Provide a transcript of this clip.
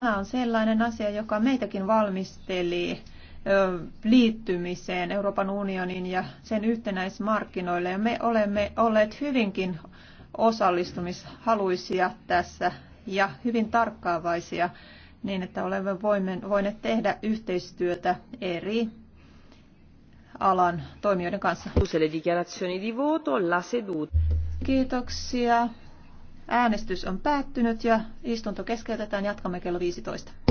Tämä on sellainen asia, joka meitäkin valmisteli liittymiseen Euroopan unionin ja sen yhtenäismarkkinoille. Ja me olemme olleet hyvinkin osallistumishaluisia tässä ja hyvin tarkkaavaisia niin, että olemme voineet tehdä yhteistyötä eri alan toimijoiden kanssa. Kiitoksia. Äänestys on päättynyt ja istunto keskeytetään. Jatkamme kello 15.